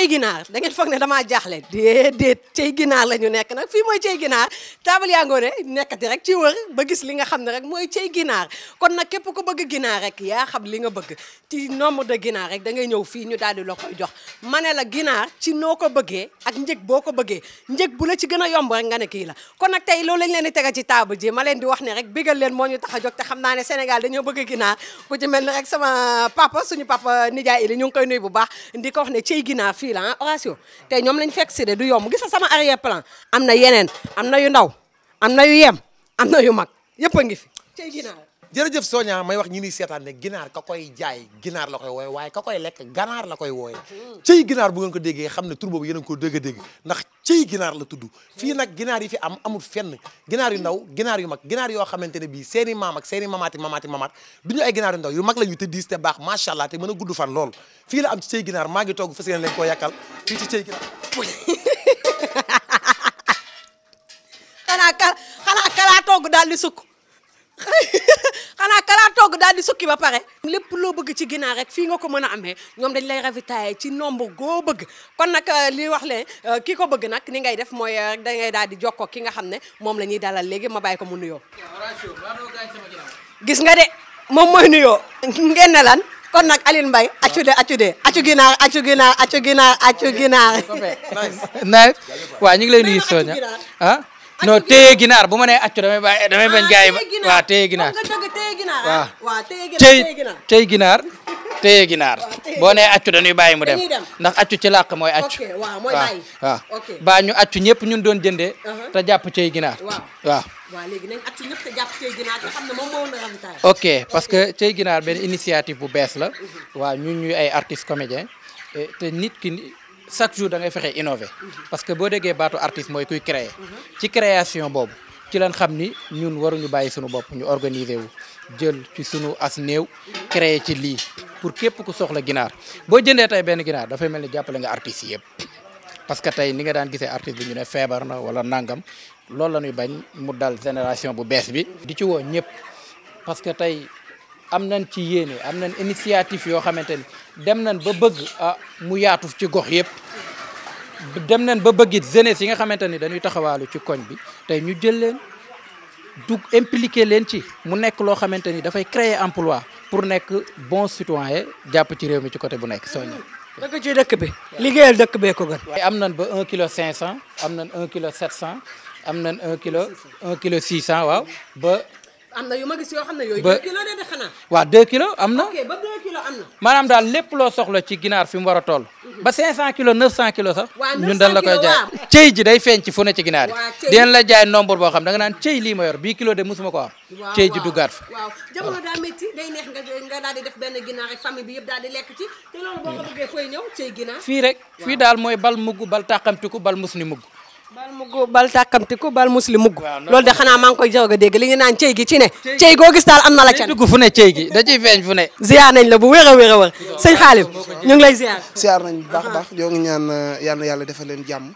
cey ginaar da ngeen foog ne dama jaaxle déedéet cey ginaar la ñu nekk nag fii mooy cey ginaar taabal yaa ngoone nekkati rek ci wër ba gis li nga xam ne rek mooy cey ginaar kon nag képp ku bëgg ginaar rek yaa xam li nga bëgg ci nombre de ginaar rek da ngay ñëw fii ñu daal di la koy jox ma ne la ginaar ci noo ko bëggee ak njëg boo ko bëggee njëg bu la ci gën a yomb rek nga ne kii la kon nag tey loolu lañ leen di tega ci taabal je ma leen di wax ne rek bégal leen moo ñu tax a te xam naa ne Sénégal dañoo bëgg ginaar ku ci mel ni rek sama papa suñu papa nijaay ili ñu ngi koy nuyu bu baax di ko wax ne cey fii la ah Horatio te ñoom lañ fekk si de du yomb gis sama arrière plan am na yeneen am na yu ndaw am na yu yem am na yu mag yëpp a ngi fi tey ginaar jërëjëf Sonia may wax ñi ni seetaan ne ginaar ka koy jaay ginaar la koy wooye waaye ka koy lekk ganaar la koy wooye mm-hmm. cey ginaar bu ngeen ko déggee xam na tur boobu yéen a ngi ko dégg a ciy ginaar la tudd fii nag ginaar yi fi am amul fenn ginaar yu ndaw ginaar yu mag ginaar yoo xamante ne bii seeni i maam ak seen i mamaati mamaati mamaat du ñu ay ginaar yu ndaw yu mag la ñu te diis te baax macha allah te mën a gudd fan lool fii la am ci ciy ginaar maa ngi togg fas yéene ko koo yàkkal fii ci ciy ginaar xanaa ka daal di sukk daal di sukki ba pare lépp loo bëgg ci ginaar rek fii nga ko mën a amee ñoom dañ lay ravitailler ci nombre goo bëgg kon nag euh, li wax leen euh, ki ko bëgg nag ni ngay def mooy rek euh, da ngay daal di jokkoo ki nga xam ne moom la ñuy dalal léegi ma bàyyi ko mu nuyoo gis nga de moom mooy nuyoo ngeen ne kon nag Aline Mbaye accu de accu de accu ginaar accu ginaar accu ginaar accu ginaar nice waaw ñu ngi lay nuyu Sonia ah non téye ginaar bu ma nee accu damay bàyyi damay ah, bañ gars yi téye ginaar waaw téye ginaar téye ginaar boo nee accu dañuy bàyyi dem ndax accu ci làq mooy accu waaw waaw ñu accu ñëpp ñun doon jëndee uh-huh. te jàpp téye ginaar waaw ok parce que téye ginaar benn initiative bu bees la uh-huh. waa ñun ñuy ay artistes comédiens eh, te chaque jour da ngay fexe innover parce que boo déggee baatu artiste mooy kuy créer ci création boobu ci lañ xam ni ñun waru waruñu bàyyi suñu bopp ñu organiser wu jël ci suñu as néew créer ci lii pour képp ku soxla ginaar boo jëndee tey benn ginaar dafay mel ni jàppale nga artistes yëpp parce que tey ni nga daan gisee artiste bi ñu ne feebar na wala nangam loolu la ñuy bañ mu dal génération bu bees bi di ci woo ñëpp parce que tey am ci yéene am initiative yo xamanteni dem nañ ba bëgg ah, mu yaatu ci gox yépp dem nañ ba bëggit jeunesse yi nga xamanteni dañuy taxawaalu ci koñ bi tay ñu jël leen du impliquer leen ci mu nekk lo xamanteni da fay créer emploi pour nekk bon citoyen japp ci réew mi ci côté bu nekk soñu dëkk ci dëkk bi liggéeyal dëkk bee ko gën. am nañ ba 1 kilo 500 am nañ 1 kilo 700 am nañ 1 kilo 1 kilo 600 waaw ba. am na yu ma gis yoo xam ne yooyu. ba de kilos am na. maanaam daal lépp loo soxla ci ginaar fi mu war a toll. Mhm. ba 500 kilos kilos sax. ñun dañ la koy jaay cey ji day feeñ ci fu ne ci ginaar yi. dinañ la jaay nombre boo xam da nga naan cey lii ma yor bii kilo de mosuma ko am. waaw cey ji duggaat fa. di def benn ginaar rek bi yëpp daal di lekk ci te loolu boo ko bëggee fooy ñëw cey ginaar. fii rek fii daal mooy bal mugg bal tàqamtiku bal mus ni mugg bal mu góob bal tàkkamtiku bal muslim mugg loolu de xanaa maa ngi koy jaww a dégg li ñu naan cey gi ci ne cey goo gis daal am na la can dugg fu ne cey gi da ciy feeñ fu ne ziar nañ la bu wér a wér a wér sëñ xaalim ñu ngi lay ziar ziar nañ baax baax yoo ngi ñaan uh, yàlla yàlla defal leen jàmm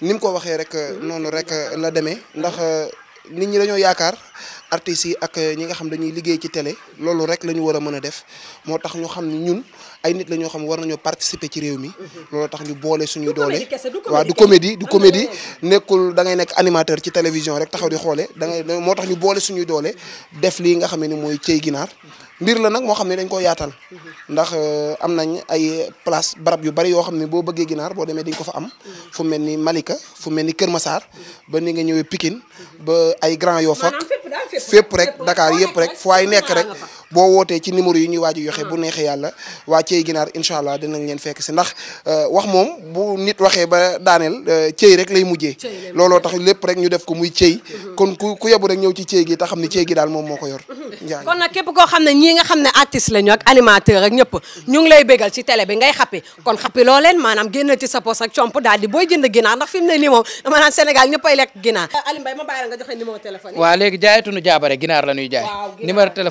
ni mu ko waxee rek uh, noonu rek uh, la demee ndax nit ñi dañoo yaakaar artis yi ak eh, ñi nga xam dañuy liggéey ci télé loolu rek lañu wara mëna def motax ñu xam ni ñun ay nit lañu xam war nañu participer ci réew mi mhm. loolu tax ñu boole suñu doole wa du comédie du comédie nekul da ngay nek animateur ci télévision rek taxaw di xolé da ngay motax ñu boole suñu doole def li nga xam ni moy cey ginar mbir la nak mo xam ne dañ ko yaatal mhm. ndax eh, am nañ ay place barab yu bari yo xam ne bo bëggee ginar bo demee ko fa am mhm. fu melni Malika fu melni ni Kër Massar ba ni nga ñëwé Pikine ba ay Grand yo ak fépp rek Dakar yëpp rek fu waay nekk rek boo wootee ci numéro yi ñuy waaju yoxe bu hmm. neexee yàlla waa Thiey Ginaar incha allah dinañ leen fekk si ndax euh, wax moom bu nit waxee ba daaneel euh, Thiey rek lay mujjee looloo tax lépp rek ñu def ko muy Thiey hmm. kon ku ku yebu rek ñëw ci Thiey gi te daal moom moo ko yor hmm. kon nag képp koo xam ne ñii xam ne artiste lañu ak animateur ak ñëpp ñu ngi lay bégal ci télé bi ngay xappi kon xappi loo leen maanaam génn ci sa poos ak comp daal di booy jënd ginaar ndax fi mu ne nii moom maanaam Sénégal ñëppay lekk ginaar Aliou Mbaye ma la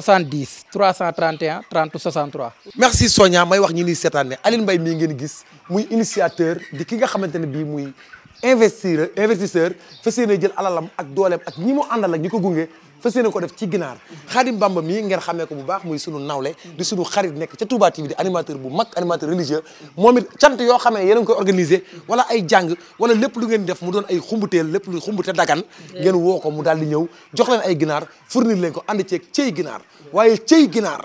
70 331 30 63. merci Sonia may wax ñi ni seetaan ne Aline Mbaye mii ngeen gis muy initiateur di ki nga xamante ne bii muy investir investisseur fas yéene jël alalam ak dooleem ak ñi mu àndal ak ñi ko gunge. fas yéene ko def ci ginaar xaadim bamba mii ngeen xamee ko bu baax muy sunu nawle di sunu xarit nekk ca Touba TV di animateur bu mag animateur religieux moom it cant yoo xam ne yéen a ngi koy organisé wala ay jàng wala lépp lu ngeen def mu doon ay xumbutéel lépp lu xumbute dagan ngeen woo ko mu daal di ñëw jox ay ginaar fournir leen ko ànd ceeg cey ginaar waaye cey ginaar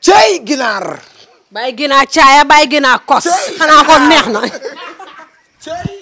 cey ginaar bàyyi ginaar caaya bàyyi ginaar kos xanaa kon neex na